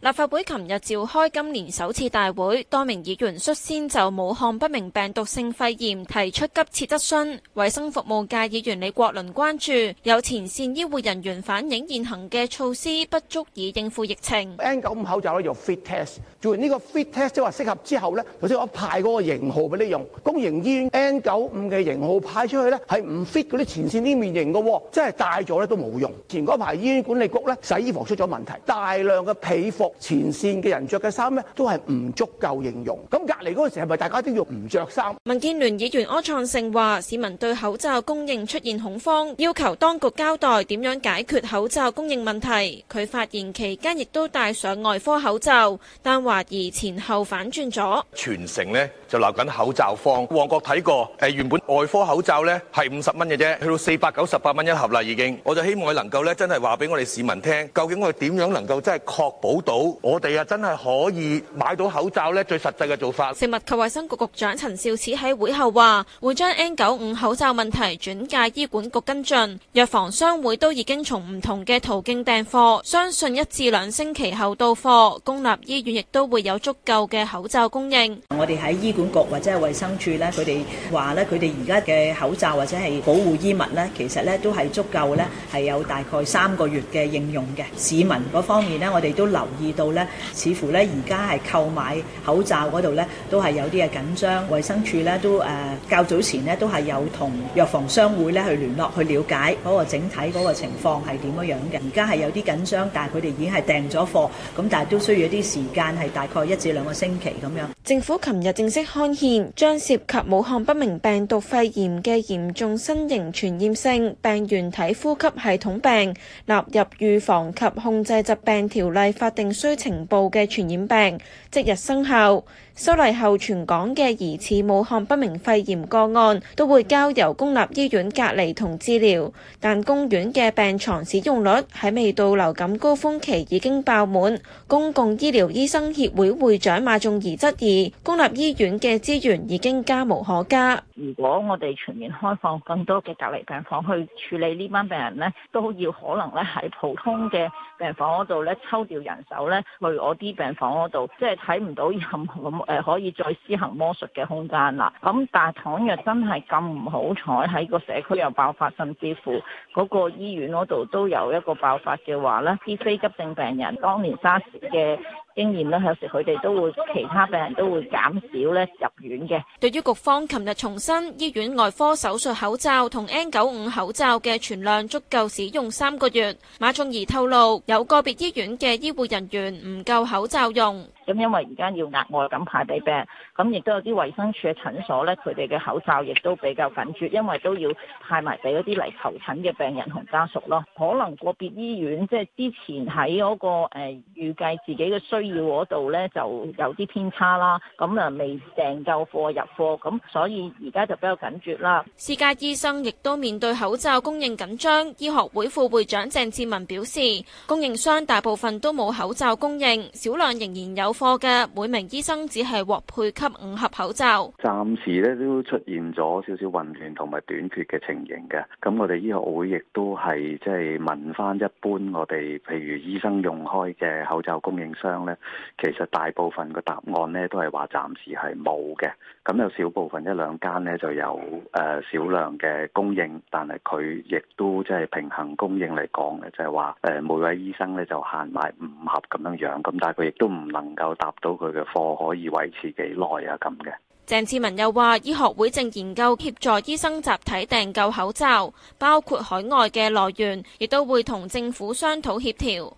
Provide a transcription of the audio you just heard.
立法會琴日召開今年首次大會，多名議員率先就武漢不明病毒性肺炎提出急切質詢。衛生服務界議員李國麟關注有前線醫護人員反映現行嘅措施不足以應付疫情。N 九五口罩咧用 fit test，做完呢個 fit test 即係話適合之後呢，首先我派嗰個型號俾你用。公營醫院 N 九五嘅型號派出去呢，係唔 fit 嗰啲前線啲面型嘅，即係戴咗咧都冇用。前嗰排醫院管理局咧洗衣房出咗問題，大量嘅被服。前線嘅人著嘅衫咧，都係唔足夠應用。咁隔離嗰陣時，係咪大家都要唔著衫？民建聯議員柯創盛話：市民對口罩供應出現恐慌，要求當局交代點樣解決口罩供應問題。佢發言期間亦都戴上外科口罩，但懷疑前後反轉咗。全城咧就鬧緊口罩荒。旺角睇過，誒，原本外科口罩咧係五十蚊嘅啫，去到四百九十八蚊一盒啦已經。我就希望佢能夠咧真係話俾我哋市民聽，究竟我哋點樣能夠真係確保到？好我哋啊，真係可以買到口罩咧，最實際嘅做法。食物及衛生局局長陳肇始喺會後話，會將 N95 口罩問題轉介醫管局跟進。藥房商會都已經從唔同嘅途徑訂貨，相信一至兩星期後到貨。公立醫院亦都會有足夠嘅口罩供應，我哋喺醫管局或者係衛生處咧，佢哋話咧，佢哋而家嘅口罩或者係保護衣物咧，其實咧都係足夠咧，係有大概三個月嘅應用嘅。市民嗰方面咧，我哋都留意。到咧，似乎咧而家係購買口罩嗰度咧，都係有啲嘅緊張。衛生署咧都誒、呃、較早前咧都係有同藥房商會咧去聯絡，去了解嗰個整體嗰個情況係點樣樣嘅。而家係有啲緊張，但係佢哋已經係訂咗貨，咁但係都需要啲時間，係大概一至兩個星期咁樣。政府琴日正式刊憲，將涉及武漢不明病毒肺炎嘅嚴重新型傳染性病原體呼吸系統病納入預防及控制疾病條例法定。須呈報嘅傳染病即日生效，修例後全港嘅疑似武漢不明肺炎個案都會交由公立醫院隔離同治療，但公院嘅病床使用率喺未到流感高峰期已經爆滿。公共醫療醫生協會會長馬仲儀質疑公立醫院嘅資源已經加無可加，如果我哋全面開放更多嘅隔離病房去處理呢班病人咧，都要可能咧喺普通嘅病房嗰度咧抽調人手。例如我啲病房嗰度，即係睇唔到任何誒可以再施行魔術嘅空間啦。咁但係倘若真係咁唔好彩，喺個社區又爆發，甚至乎嗰個醫院嗰度都有一個爆發嘅話咧，啲非急症病人當年沙士嘅。經驗啦，有時佢哋都會其他病人都會減少咧入院嘅。對於局方琴日重申，醫院外科手術口罩同 N95 口罩嘅存量足夠使用三個月。馬仲儀透露，有個別醫院嘅醫護人員唔夠口罩用。咁因為而家要額外咁派俾病，咁亦都有啲衛生署嘅診所咧，佢哋嘅口罩亦都比較緊缺，因為都要派埋俾嗰啲嚟求診嘅病人同家屬咯。可能個別醫院即係之前喺嗰個誒預計自己嘅需要嗰度咧，就有啲偏差啦。咁啊未訂夠貨入貨咁所以而家就比較緊缺啦。私家醫生亦都面對口罩供應緊張，醫學會副會長鄭志文表示，供應商大部分都冇口罩供應，少量仍然有。貨嘅每名醫生只係獲配給五盒口罩，暫時咧都出現咗少少混亂同埋短缺嘅情形嘅。咁我哋醫學會亦都係即係問翻一般我哋，譬如醫生用開嘅口罩供應商咧，其實大部分嘅答案咧都係話暫時係冇嘅。咁有少部分一兩間咧就有誒少量嘅供應，但係佢亦都即係平衡供應嚟講咧，就係話誒每位醫生咧就限買五盒咁樣樣。咁但係佢亦都唔能。有答到佢嘅貨可以維持幾耐啊？咁嘅。鄭志文又話醫學會正研究協助醫生集體訂購口罩，包括海外嘅來源，亦都會同政府商討協調。